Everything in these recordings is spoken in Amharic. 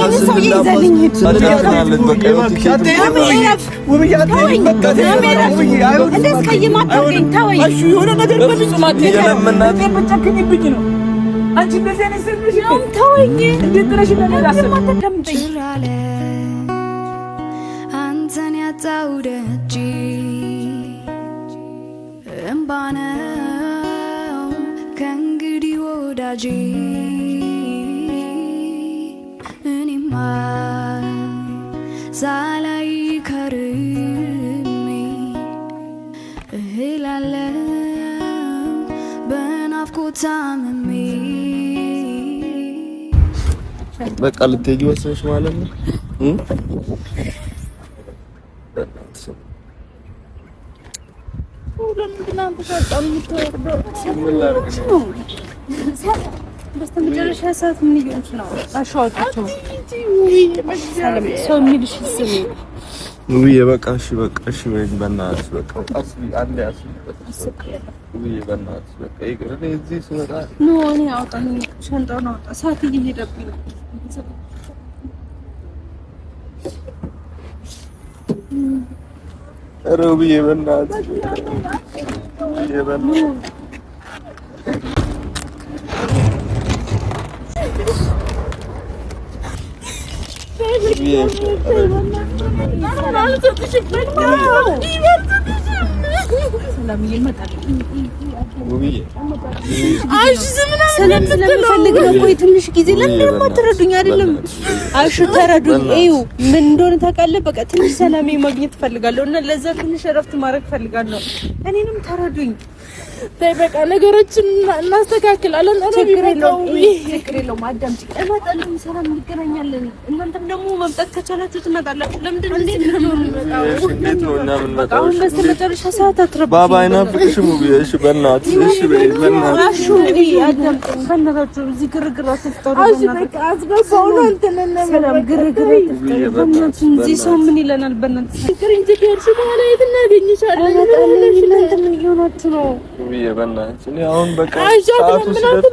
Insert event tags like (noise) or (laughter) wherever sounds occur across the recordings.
አንተን ያጣው ደጅ እምባ ነው ከእንግዲህ ወዳጄ ዛላይ ከርሜ እህላለው በናፍቆት ታምሜ በቃ ልትሄጂ ወሰንሽ ማለት ነው። ለምንድን ነው አንተ Aslında bir cana şey saatin ne görüntün olur. አሸዋወጣ ሰው ውብዬ በቃ እሺ፣ በቃ እሺ በይኝ በእናትሽ በቃ አስቢ፣ አንዴ አስቢ፣ በቃ ውብዬ በእናትሽ በቃ ይቅር። እኔ እዚህ ስመጣ ሸንጣውን አውጣ፣ ሰዓት እየሄደብኝ ነው። ኧረ ውብዬ በእናትሽ ውብዬ በእናትሽ ስለምፈልግ ነው። ቆይ ትንሽ ጊዜ ለምን የማትረዱኝ? አይደለም አሹ ተረዱኝ። እዩ ምን እንደሆነ ታውቃለህ። በቃ ትንሽ ሰላሜ ማግኘት እፈልጋለሁ እና ለዛ ትንሽ እረፍት ማድረግ እፈልጋለሁ። እኔንም ተረዱኝ። በቃ ነገሮችን እናስተካክላለን። ችግር የለውም። አዳምጪኝ፣ እመጣለሁ። ሰላም እንገናኛለን። እናንተም ደግሞ መምጣት ከቻላችሁ ትመጣላችሁ። ለምንድን ነው በስተመጨረሻ ሰዓት አትረብሽኝ። ባባ አይናፍቅሽም? እሺ፣ በእናትሽ እሺ፣ በእናትሽ አዳምጪኝ፣ በእናታችሁ እዚህ ግርግር አትፍጠሩ። ሰላም ግርግር አትፍጠሩ። በእናትሽ እዚህ ሰው ምን ይለናል? በእናትሽ ችግር እንጂ ከሄድሽ በኋላ የት እናገኝሻለን? እናንተ ምን እየሆናችሁ ነው? ብዬ በእናትሽ እኔ አሁን በቃ ሰዓቱ ስለሆነ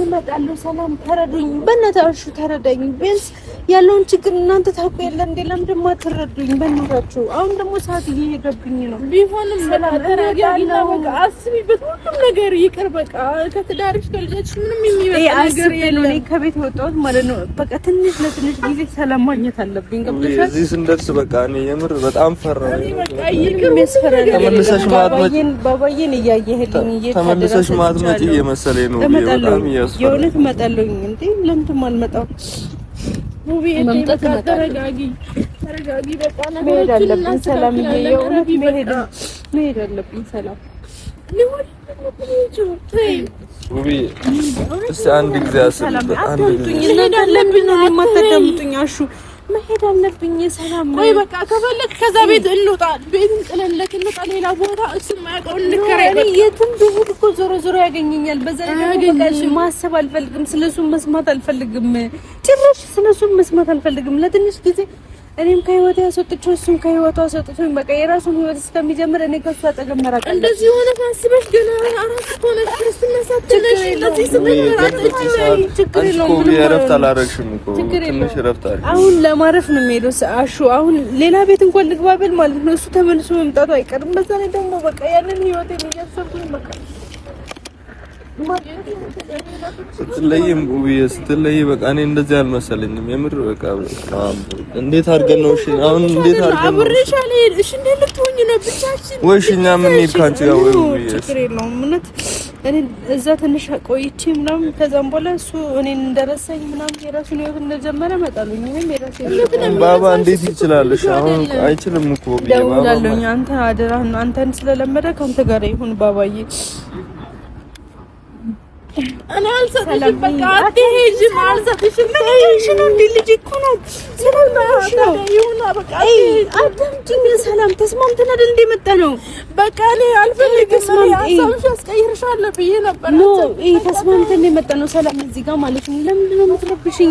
እኔ ሰላም ተረዱኝ፣ በእናትሽ ተረዳኝ ቢያንስ ያለውን ችግር እናንተ ታውቁ የለ እንዴ? ደግሞ አትረዱኝ? በእናታችሁ አሁን ደግሞ ሰዓት እየሄደብኝ ነው። ቢሆንም ተረጋጊና አስቢበት። ሁሉም ነገር ይቅር በቃ ከትዳርሽ ከልጆች ምንም የሚበቃ ነገር የለም። ከቤት የወጣሁት ማለት ነው በቃ ትንሽ ለትንሽ ጊዜ ሰላም ማግኘት አለብኝ። ገብቶሻል? እዚህ ስንደርስ በቃ እኔ የምር በጣም ፈራሁ። ተመልሰሽ ማትመጪ ባባዬን እያየህልኝ ተመልሰሽ ማትመጪ እየመሰለኝ ነው። በጣም እያስፈራኝ የእውነት እመጣለሁ እንዴ? ለምንድን አልመጣም መምጣት ተረጋጊ፣ ተረጋጊ። በቃ መሄድ አለብን። ሰላም የእውነት መሄድ አለብን። ሰላም ውብዬ አንድ ጊዜ አስብበት። አንድ ጊዜ መሄድ አለብኝ። ሰላም ወይ በቃ ከፈለክ ከዛ ቤት እንውጣ። ቤትን ጥለን ለክ ሌላ ቦታ እሱም አያውቀውን እንከራይ። በቃ የትም ብሄድ እኮ ዞሮ ዞሮ ያገኘኛል። በዛ ማሰብ አልፈልግም። ስለሱ መስማት አልፈልግም። ጭራሽ ስለሱ መስማት አልፈልግም ለትንሽ ጊዜ እኔም ከህይወቴ ያስወጥቼው እሱም ከህይወቱ አስወጥቶኝ በቃ የራሱን ህይወት እስከሚጀምር እኔ ከሱ አጠገብ መራቅ እንደዚህ ሆነ ታስበሽ ገና አራት ሆነሽ ስነሳትነሽ እንደዚህ አሁን ለማረፍ ነው የሚሄደው አሹ አሁን ሌላ ቤት እንኳን ልግባ ብል ማለት ነው እሱ ተመልሶ መምጣቱ አይቀርም በዛ ላይ ደግሞ በቃ ያንን ህይወት እያሰብኩኝ በቃ ስትለይም ጉብዬ ስትለይ በቃ እኔ እንደዚህ አልመሰለኝም። የምር በቃ እንዴት አድርገን ነው? እሺ አሁን እንዴት አድርገን ነው? እሺ እንዴት ልትሆኝ ነው? ብቻችን ወይ እኛ ምን ይል ካንቺ ጋር ወይ ችግር የለውም። እውነት እኔ እዛ ትንሽ ቆይቼ ምናምን ከዛም በኋላ እሱ እኔን እንደረሳኝ ምናምን የራሱን ህይወት እንደጀመረ መጣሉኝ። እኔም የራሴ ባባ እንዴት ይችላል? እሺ አሁን አይችልም እኮ ባባ ደውላለኝ። አንተ አደራ አንተን ስለለመደ ካንተ ጋር ይሁን ባባዬ እኔ አልሰጥሽም። በቃ አትሄጂም፣ አልሰጥሽም። ልጅ እኮ ናት። አዳምጪኝ። ሰላም ተስማምተን አይደል እንደ መጣ ነው። በቃ እኔ አልፈልግም። ሀሳብሽ አስቀይርሻለሁ ብዬሽ ነበር። ተስማምተን እንደ መጣ ነው። ሰላም እዚህ ጋር ማለት ነው። ለምንድን ነው የምትረብሽኝ?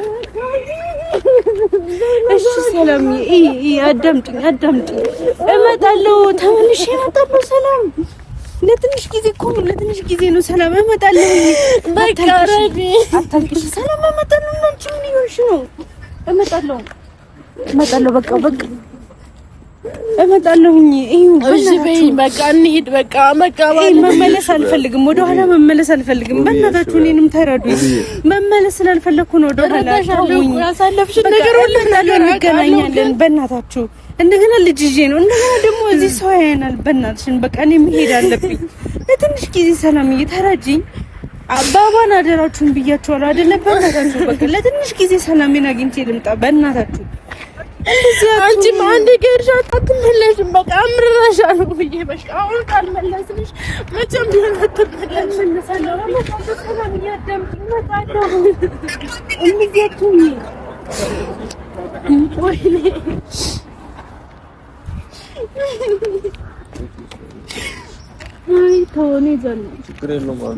እሺ ሰላም፣ አዳምጪኝ አዳምጪኝ። እመጣለሁ፣ ተመልሼ እመጣለሁ። ሰላም ለትንሽ ጊዜ እኮ ነው፣ ለትንሽ ጊዜ ነው። ሰላም እመጣለሁ። በቃ ረቢ አታልቅሽ። ሰላም እመጣለሁ። አንቺ ምን ይሆንሽ ነው? እመጣለሁ፣ እመጣለሁ። በቃ በቃ እመጣለሁኝ። እዚህ በይ፣ በቃ እንሂድ። በቃ መመለስ አልፈልግም፣ ወደ ኋላ መመለስ አልፈልግም። በእናታችሁ እኔንም ተረዱኝ። መመለስ ስላልፈለግኩ ነው ወደ ኋላ ተውኝ። ነገር ሁሉ እንገናኛለን። በእናታችሁ እንደገና ልጅ ይዤ ነው እንደገና ደግሞ እዚህ ሰው ያየናል። በእናትሽን በቃ እኔ መሄድ አለብኝ ለትንሽ ጊዜ። ሰላምዬ ተረጅኝ። አባባን አደራችሁን ብያቸዋለሁ አይደለ? በእናታችሁ በቃ ለትንሽ ጊዜ ሰላሜን አግኝቼ ልምጣ በእናታችሁ አንቺም አንድ ገርሻት አትመለሽም። በቃ አምርረሻል ብዬ በቃ አሁን ካልመለስንሽ መቼም ቢሆን አትመለሽም። አይ ተወው እኔ ችግር የለውም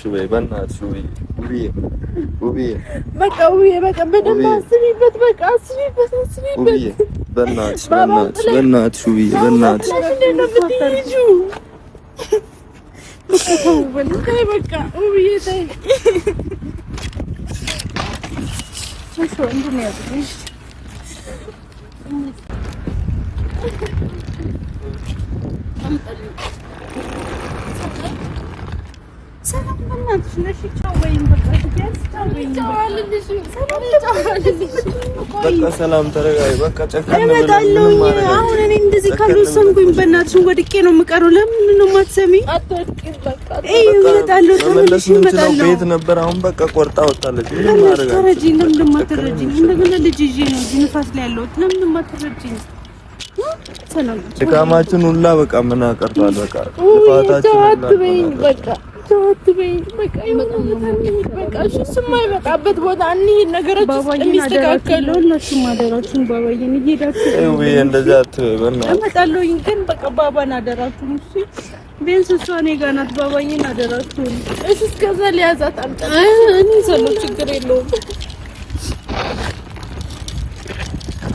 እሺ በይ በእናትሽ ውብዬ ውብዬ ውብዬ በቃ ውብዬ በቃ በደንብ አስቢበት። በቃ አስቢበት አስቢበት። ውብዬ በእናትሽ በእናትሽ በእናትሽ ውብዬ በእናትሽ በቃ ውብዬ ተይ እሺ በቃ ሰላም ተረጋይ። በቃ ጨካኝ ነው። አሁን እኔ እንደዚህ ካልወሰንኩኝ በእናትሽን ወድቄ ነው የምቀረው። ለምን ነው የማትሰሚኝ? ቤት ነበር። አሁን በቃ ቆርጣ ወጣለች። ለምን ማትረጂኝ? እንደገና ልጅ ይዤ ነው እዚህ ንፋስ ላይ ያለሁት። ለምን ማትረጂኝ? ድካማችን ሁላ በቃ ምን አቀርቷል። በቃ ልፋታችን የማይመጣበት ቦታ እንሂድ፣ ነገሮች የሚስተካከሉ እነሱም አደራችሁን ባባዬን እየሄዳችሁ እመጣለሁኝ። ግን በቃ ባባን አደራችሁን ቢያንስ እሷ እኔ ጋር ናት። ባባዬን አደራችሁን እስከዛ ሊያዛት እኔ ሰለው ችግር የለውም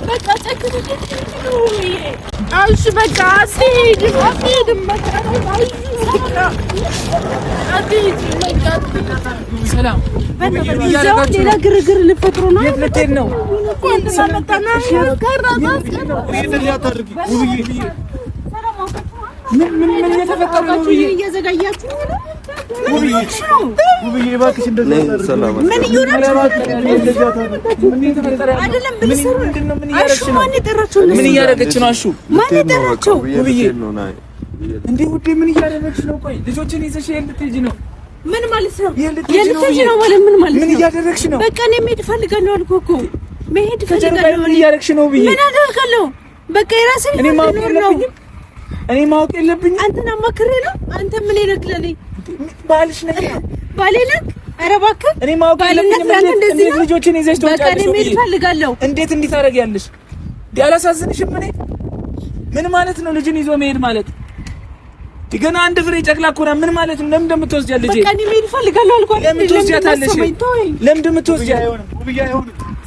በቃ እሺ በቃ አትሄጂም፣ አትሄጂም በቃ ሰላም ሌላ ግርግር ልፈጥሩ ነው። የት ልትሄድ ነው? ምን እየተፈጠረ ነው? ምን እያደረገች ነው? አሹ ማን የጠራቸው? ውብዬ እንዴ ውዴ፣ ምን እያደረገች ነው? ቆይ ልጆችን ይዘሽ የት ነው? ምን ማለት ነው? የልትሄጂ ነው ማለት ምን ማለት ነው? ምን እያደረግሽ ነው? በቃ እኔ መሄድ እፈልጋለሁ አልኩህ እኮ መሄድ እፈልጋለሁ። ምን እያደረግሽ ነው? ውብዬ ምን አደርጋለሁ? በቃ የራስን ነው። እኔ ማወቅ የለብኝም። አንተን አማክሬ ነው። አንተ ምን ይነግረልኝ ባልሽ ነገር ባሌ ነክ ኧረ እባክህ እኔ ማወቅ እንዴት ልጆችን ይዘሽ ትወጫለሽ? እፈልጋለሁ እንዴት እንዲህ ታደርጊያለሽ? አላሳዝንሽም? እኔ ምን ማለት ነው ልጅን ይዞ መሄድ ማለት ገና አንድ ፍሬ ጨቅላ እኮ ናት። ምን ማለት ነው? ለምን እንደምትወስጃት ልጄ? በቃ እኔ መሄድ እፈልጋለሁ አልኳት። ለምን ትወስጃታለሽ? ለምን እንደምትወስጃት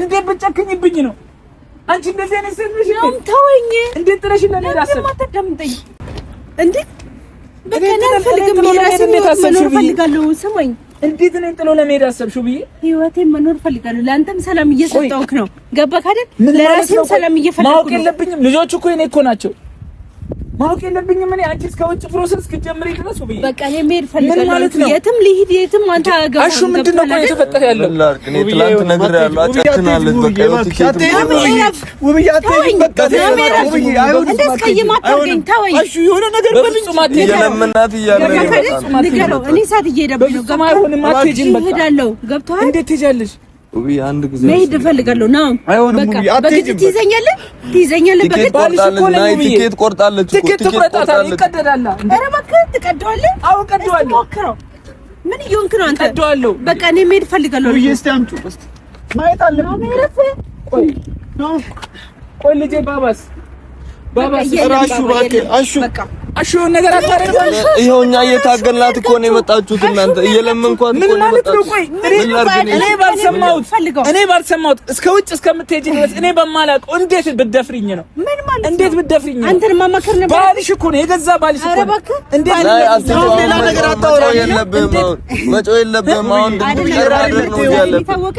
እንዴት ብጨክኝብኝ ነው? አንቺ እንደዚህ አይነት ሴት ነሽ? ተወኝ። እንዴት ጥለሽ እንደሌላ ሰው ማተቀምጠኝ እንዴ? በቃ አልፈልግም። የራሴን መኖር ፈልጋለሁ። ስማኝ እንዴት ነኝ ጥሎ ለመሄድ አሰብሽው ብዬ ህይወቴን መኖር ፈልጋለሁ። ለአንተም ሰላም እየሰጠውክ ነው። ገባክ አይደል? ለራሴም ሰላም እየፈለኩ ነው። ማወቅ የለብኝም። ልጆቹ እኮ የኔ እኮ ናቸው። ማወቅ የለብኝም። እኔ አንቺ እስከ ውጭ ፕሮሰስ እስክትጀምሪ ድረስ ብዬ በቃ እኔ መሄድ ፈልጋለሁ። ማለት ነው የትም ልሂድ የትም አንተ አገባ አሹ ምንድን ነው ቆይ የተፈጠረ ያለው እኔ ትላንት ነገር ያለው አጫጭናለች። በቃ ይኸው ትኬት ውብዬ አትሄጂም። በቃ እንደስቀይም አታርገኝ። ተወኝ አሹ የሆነ ነገር በፍጹም የለምናት እያለ ነው። ንገረው እኔ እሳት እየሄደብኝ ነው። በቃ እሄዳለሁ። ገብቶሃል? እንዴት ትሄጃለሽ? ውብዬ አንድ ጊዜ መሄድ እፈልጋለሁ። ና አይሆንም። ውብዬ አትሄጂም። ትይዘኛለህ፣ ትይዘኛለህ። በግድ ባልሽ እኮ ነው። ትኬት ቆርጣለች። ትኬት ትቆርጣታለህ። ይቀደዳል። ኧረ እባክህ ትቀደዋለህ። አዎ እቀደዋለሁ። ምን እየሆንክ ነው አንተ? እቀደዋለሁ። በቃ እኔ መሄድ እፈልጋለሁ። ውብዬ እስኪ አምጪው፣ እስኪ ማየት አለብኝ። ቆይ ቆይ ልጄ ባባስ አሹ የሆነ ነገር አታደርግም። ይኸው እኛ እየታገልናት እኮ ነው የመጣችሁት እናንተ እየለመንኳት ምን ማለት ነው? ቆይ እኔ ባልሰማሁት እኔ ባልሰማሁት እስከ ውጭ እስከምትሄጂ ድረስ እኔ በማላውቀው እንዴት ብትደፍሪኝ ነው? ምን ማለት ነው? እንዴት ብትደፍሪኝ ነው? አንተን ማማከር ነበር። ባልሽ እኮ ነው የገዛ ባልሽ እኮ ነው። እንዴት ሌላ ነገር አታወራም። መጮህ የለብህም። አሁን ድምፅህ እየታወቀ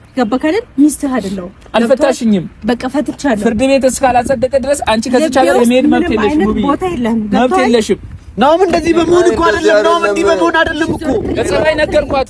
ገባህ አይደል? ሚስትህ አይደለሁም። አልፈታሽኝም። በቃ ፈትቻለሁ። ፍርድ ቤት እስካላጸደቀ ድረስ አንቺ ከዚህ ቻለ የመሄድ መብት የለሽም። ቦታ የለህም። መብት የለሽም። ናሁም እንደዚህ በመሆን እኮ አይደለም ናሁም እንዲህ በመሆን አይደለም እኮ ለጸባይ ነገርኳት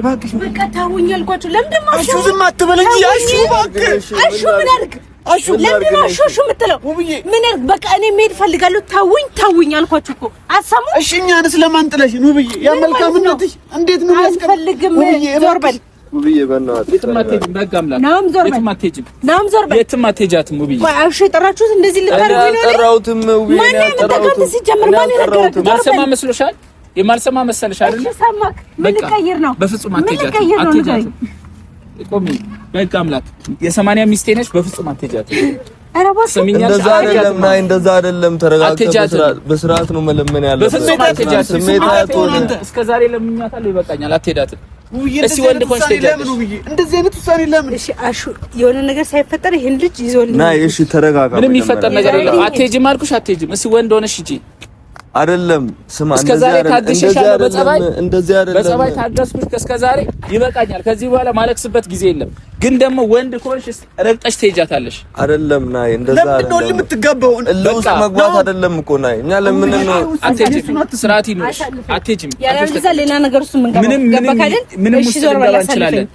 እባክሽ በቃ ተውኝ አልኳቸው። ለምን ደግሞ አሹ ዝም አትበለኝ? አሹ እባክሽ አሹ ምን አድርግ? አሹ ለምን ነው አሹ አሹ የምትለው? ምን አድርግ? በቃ እኔ መሄድ እፈልጋለሁ። ታውኝ ታውኝ አልኳችሁ እኮ አሰሙ። እሺ እኛንስ ለማን ጥለሽ ነው ብዬ ያመልካምነትሽ እንዴት ነው ያስቀር? ዞር በል ውብዬ፣ በእናትህ የትም አትሄጂም። እንደዚህ ነው? ሲጀምር ማን ማሰማ መስሎሻል? የማልሰማ መሰለሽ አይደል? ሰማክ ምን ልቀይር ነው? በፍጹም አትሄጃት፣ አትሄጃት። ቆሚ በቃ አምላክ የሰማንያ ሚስቴ ነች። በፍጹም አትሄጃት። እንደዛ አይደለም ናይ፣ እንደዛ አይደለም። በስርዓት ነው መለመን ያለው። በፍጹም ስሜት እስከ ዛሬ ለምኛታለሁ፣ ይበቃኛል። እሺ ወንድ እንደዚህ አይነት ውሳኔ ለምን? እሺ አሹ የሆነ ነገር ሳይፈጠር ይሄን ልጅ ይዞልኝ እሺ ተረጋጋ። ምንም ይፈጠር ነገር አልኩሽ፣ አትሄጂም። ወንድ ሆነሽ አይደለም ስማ፣ እስከዛሬ ታግሼሻለሁ። በጸባይ እንደዚህ አይደለም፣ በጸባይ ታገስኩሽ እስከዛሬ ይበቃኛል። ከዚህ በኋላ ማለክስበት ጊዜ የለም። ግን ደግሞ ወንድ ኮንሽስ ረግጠሽ ትሄጃታለሽ። አይደለም ናይ፣ እንደዛ አይደለም። ለምን ነው የምትጋባው? ለውስጥ መግባት አይደለም እኮ ናይ። እኛ ለምን ነው አትሄጂም? ስርዓት ይኑርሽ፣ አትሄጂም። ያለ ሌላ ነገር እሱ ምን ገባ ካልን እሺ ዞር ባላ እንችላለን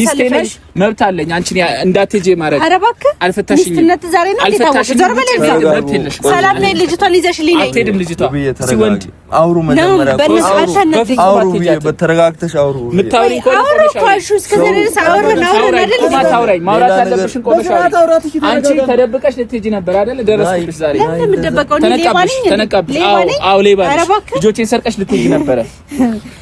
ሚስቴነሽ መብት አለኝ አንቺን እንዳትሄጂ ማድረግ። ኧረ እባክህ አልፈታሽኝም። ሚስትነት ዛሬ ነው የታወቀው። ዞር በል መብት ሰላም ነይ፣ ልጅቷን ይዘሽልኝ አትሄድም ልጅቷ ሲወንድ አውሩ መጀመሪያ አውሩ፣ በተረጋግተሽ አውሩ። አውሩ፣ እስከ አይደል? ማውራት አለብሽን። አንቺ ተደብቀሽ ልትሄጂ ነበር አይደል? ደረስኩልሽ ዛሬ። ለምን ተነቃብሽ። አዎ ሌባ ነሽ። ልጆቼን ሰርቀሽ ልትሄጂ ነበረ (laughs)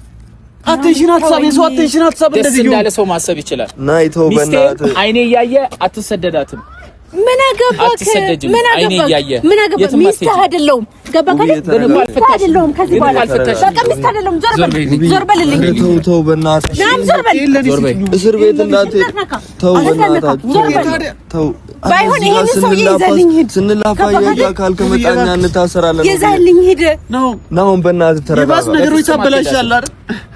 አቴንሽን ሀሳብ የሰው አቴንሽን ሀሳብ እንደዚህ እንዳለ ሰው ማሰብ ይችላል። ናይ ተው በእናትህ አይኔ እያየ አትሰደዳትም። ምን አገባክ? ምን አገባክ? ምን አገባክ? ሚስትህ አይደለሁም። ገባክ ከዚህ በኋላ ተው ተው፣ ናም፣ እስር ቤት ተው፣ ተው። ባይሆን ይሄን ሰው ስንላፋ ከመጣኛ ነው ተረጋጋ። ነገሮች አይደል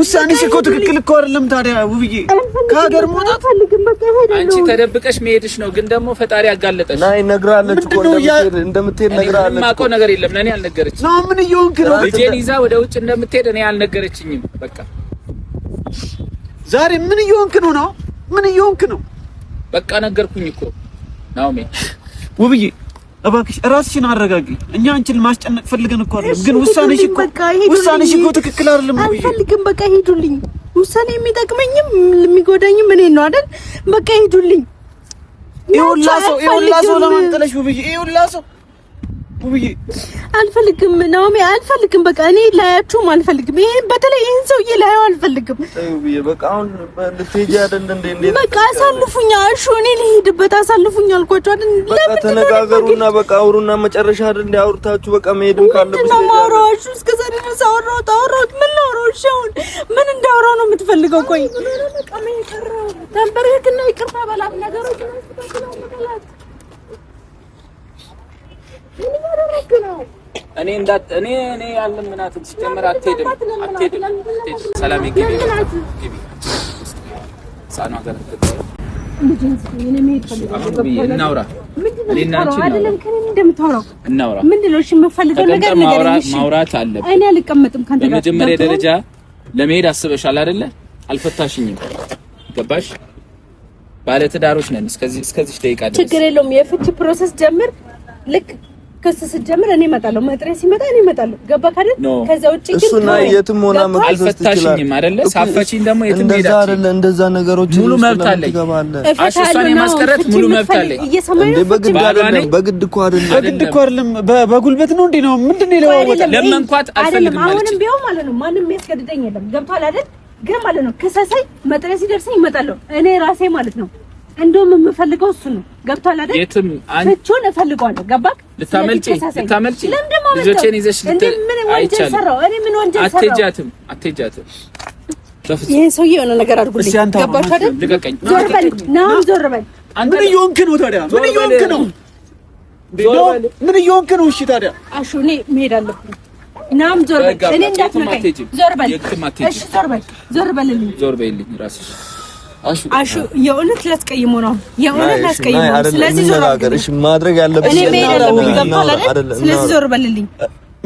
ውሳኔሽ እኮ ትክክል እኮ አይደለም። ታዲያ ውብዬ ከሀገር መውጣት አንቺ ተደብቀሽ መሄድሽ ነው፣ ግን ደግሞ ፈጣሪ አጋለጠሽ። ናይ ነግራለች እኮ እንደምትሄድ ነግራለች። የማውቀው ነገር የለም ለእኔ አልነገረችኝ ነው ምን እየሆንክ ነው? ልጄን ይዛ ወደ ውጭ እንደምትሄድ እኔ አልነገረችኝም። በቃ ዛሬ ምን እየሆንክ ነው? ነው ምን እየሆንክ ነው? በቃ ነገርኩኝ እኮ ናኦሚ ውብዬ እባክሽ ራስሽን አረጋጊ። እኛ አንቺን ማስጨነቅ ፈልገን እኮ አይደለም፣ ግን ውሳኔሽ እኮ ውሳኔሽ እኮ ትክክል አይደለም። አልፈልግም፣ በቃ ሂዱልኝ። ውሳኔ የሚጠቅመኝም የሚጎዳኝም እኔ ነው አይደል? በቃ ሂዱልኝ። ይኸውላ ሰው ይኸውላ ሰው ለማንጠለሽ ውብዬ ይኸውላ ሰው አልፈልግም ናሚ አልፈልግም። በቃ እኔ ላያችሁም አልፈልግም። ይሄን በተለይ ይሄን ሰውዬ ላየው አልፈልግም። በቃ አሁን ልትሄጂ አይደል? በቃ አሳልፉኛ። እሺ እኔ ልሄድበት አሳልፉኛ አልኳቸው አይደል? ለምን ተነጋገሩና በቃ አውሩና መጨረሻ አይደል እንደ አውርታችሁ በቃ መሄድም ካለብሽ ነው ማውራሽ። እስከ ዛሬ ድረስ አወራሁት አወራሁት ምን ላውራው? እሺ ምን እንዳወራው ነው የምትፈልገው? ቆይ ተንበርክክና ይቅርታ በላት ነገሮች እኔ እንዳት እኔ እኔ አልለምናትም። ሲጀመር አትሄድም አትሄድም። ሰላም ይገቢ ማውራት አለብን። በመጀመሪያ ደረጃ ለመሄድ አስበሻል አይደለ? አልፈታሽኝም። ገባሽ? ባለትዳሮች ነን። እስከዚህ እስከዚህ ደቂቃ ድረስ ችግር የለውም። የፍቺ ፕሮሰስ ጀምር ልክ ክስ ስትጀምር እኔ እመጣለሁ። መጥሪያ ሲመጣ እኔ እመጣለሁ። ገባ ካደል ከዛ ውጪ ግን እሱና የትም ሆና አይደለ? ደግሞ የትም አይደለ? እንደዛ ነገሮች ሙሉ መብት አለኝ። የማስቀረት ሙሉ መብት አለኝ። በግድ እኮ አይደለም፣ በግድ እኮ አይደለም። በጉልበት ነው እንዴ ነው ምንድን ነው ለመንኳት አልፈልግም። አሁንም ቢሆን ማለት ነው ማንም የሚያስገድደኝ የለም። ገብቷል አይደል? ግን ማለት ነው ክሰሰኝ፣ ሲደርሰኝ እመጣለሁ እኔ ራሴ ማለት ነው። እንደውም የምፈልገው እሱ ነው። ገብቷል አይደል? ፍቹን እፈልገዋለሁ። ገባክ ልታመልጪ ልታመልጪ ልጆቼን ይዘሽ አትሄጃትም አትሄጃትም። ይሄ ሰውዬ የሆነ ነገር አድርጉልኝ። አይደል? ልቀቀኝ። ዞር በል ዞር በል። ምን እየሆንክ ነው ታዲያ? ምን እየሆንክ ነው? ምን እየሆንክ ነው? እሺ ታዲያ አሹ፣ እኔ መሄድ አለብኝ። ዞር በል። እኔ ዞር በል። እሺ ዞር በል። ዞር በልልኝ። ዞር በይልኝ ራስሽ አሹ የእውነት ላስቀይሞ ነው። የእውነት ላስቀይሞ ነው። ስለዚህ ዞር አገር ማድረግ ያለብሽ እኔ መሄድ አለብኝ። ስለዚህ ዞር በልልኝ።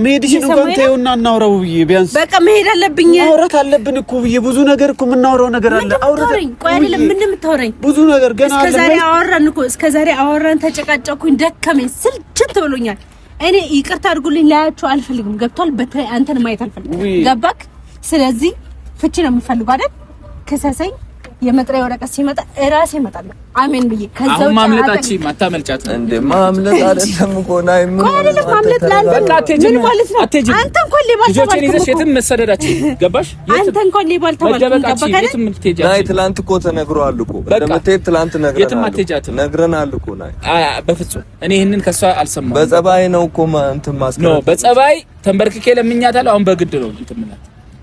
መሄድሽን እንኳን ተይውና እናውራው ብዬ ቢያንስ በቃ መሄድ አለብኝ። ማውራት አለብን እኮ ብዬ ብዙ ነገር እኮ የምናወራው ነገር አለ። አውራኝ ቆይ፣ አይደለም ምን የምታወራኝ? ብዙ ነገር ገና አለ። እስከዛሬ አወራን እኮ እስከዛሬ አወራን፣ ተጨቃጨኩኝ፣ ደከመኝ፣ ስልችት ብሎኛል። እኔ ይቅርታ አድርጉልኝ፣ ላያችሁ አልፈልግም። ገብቷል? በተለይ አንተን ማየት አልፈልግም። ገባክ? ስለዚህ ፍቺ ነው የምፈልገው አይደል? ከሰሰኝ የመጥሪያ ወረቀት ሲመጣ እራሴ እመጣለሁ። አሜን ብዬ ከዛው ውጭ ማታመልጫት እንደ ማምለጥ አይደለም እኮ ናይ ምን ማለት ማምለጥ ላልበቃ ምን ማለት ነው? አንተ ገባሽ? አንተ እንኳን ሌባ ልተባልኩ ናይ ትላንት እኮ ተነግሯል እኮ እንደምትሄድ ትላንት ነግረናል። እኮ ናይ በፍጹም እኔ ይሄንን ከሷ አልሰማሁም። በጸባይ ነው እኮ እንትን ማስቀረት ነው። በጸባይ ተንበርክኬ ለምኛታለሁ። አሁን በግድ ነው እንትን ምናምን